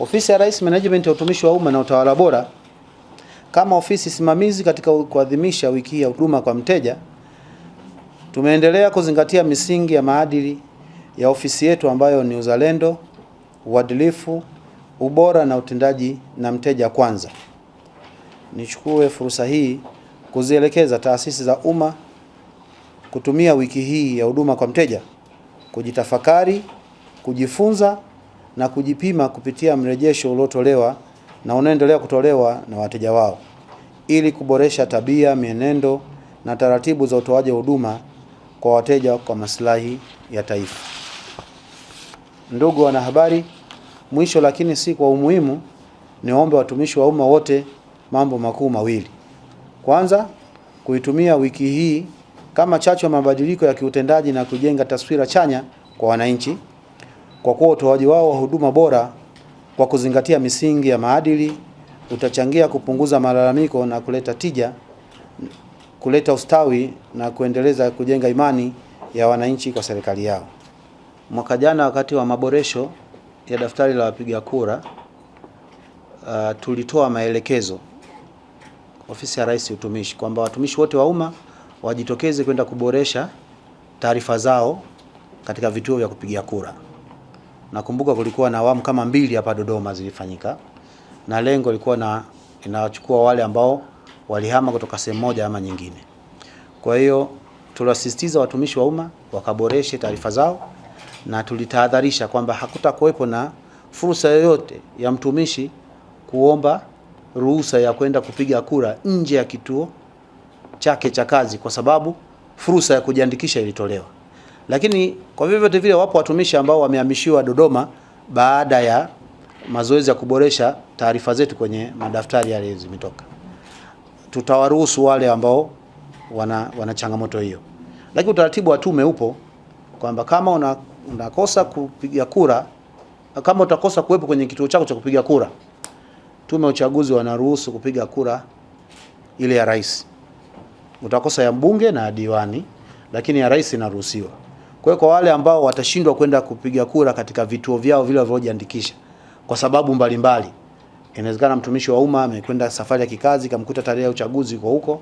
Ofisi ya Rais Management ya Utumishi wa Umma na Utawala Bora kama ofisi simamizi katika kuadhimisha wiki ya huduma kwa mteja, tumeendelea kuzingatia misingi ya maadili ya ofisi yetu ambayo ni uzalendo, uadilifu, ubora na utendaji na mteja kwanza. Nichukue fursa hii kuzielekeza taasisi za umma kutumia wiki hii ya huduma kwa mteja kujitafakari, kujifunza na kujipima kupitia mrejesho uliotolewa na unaendelea kutolewa na wateja wao ili kuboresha tabia, mienendo na taratibu za utoaji wa huduma kwa wateja kwa maslahi ya taifa. Ndugu wanahabari, mwisho lakini si kwa umuhimu, niwaombe watumishi wa umma wote mambo makuu mawili. Kwanza, kuitumia wiki hii kama chachu ya mabadiliko ya kiutendaji na kujenga taswira chanya kwa wananchi kwa kuwa utoaji wao wa huduma bora kwa kuzingatia misingi ya maadili utachangia kupunguza malalamiko na kuleta tija, kuleta ustawi na kuendeleza kujenga imani ya wananchi kwa serikali yao. Mwaka jana wakati wa maboresho ya daftari la wapiga kura uh, tulitoa maelekezo ofisi ya Rais utumishi kwamba watumishi wote wa umma wajitokeze kwenda kuboresha taarifa zao katika vituo vya kupigia kura. Nakumbuka kulikuwa na awamu kama mbili hapa Dodoma zilifanyika, na lengo lilikuwa na inachukua wale ambao walihama kutoka sehemu moja ama nyingine. Kwa hiyo tuliwasisitiza watumishi wa umma wakaboreshe taarifa zao, na tulitahadharisha kwamba hakutakuwepo na fursa yoyote ya mtumishi kuomba ruhusa ya kwenda kupiga kura nje ya kituo chake cha kazi, kwa sababu fursa ya kujiandikisha ilitolewa. Lakini kwa vyovyote vile wapo watumishi ambao wamehamishiwa Dodoma baada ya mazoezi ya kuboresha taarifa zetu kwenye madaftari yale zimetoka. Tutawaruhusu wale ambao wana, wana changamoto hiyo, lakini utaratibu wa tume upo kwamba kama una, unakosa kupiga kura, kama utakosa kuwepo kwenye kituo chako cha kupiga kura, tume ya uchaguzi wanaruhusu kupiga kura ile ya rais. Utakosa ya mbunge na diwani, lakini ya rais inaruhusiwa. Kwa hiyo kwa wale ambao watashindwa kwenda kupiga kura katika vituo vyao vile walivyojiandikisha kwa sababu mbalimbali, inawezekana mtumishi wa umma amekwenda safari ya kikazi kamkuta tarehe ya uchaguzi kwa huko,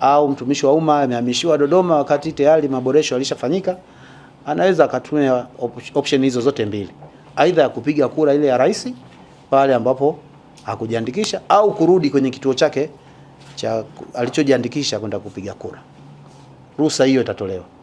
au mtumishi wa umma amehamishiwa Dodoma wakati tayari maboresho yalishafanyika, anaweza akatumia option hizo zote mbili, aidha ya kupiga kura ile ya rais pale ambapo hakujiandikisha au kurudi kwenye kituo chake cha alichojiandikisha kwenda kupiga kura. Ruhusa hiyo itatolewa.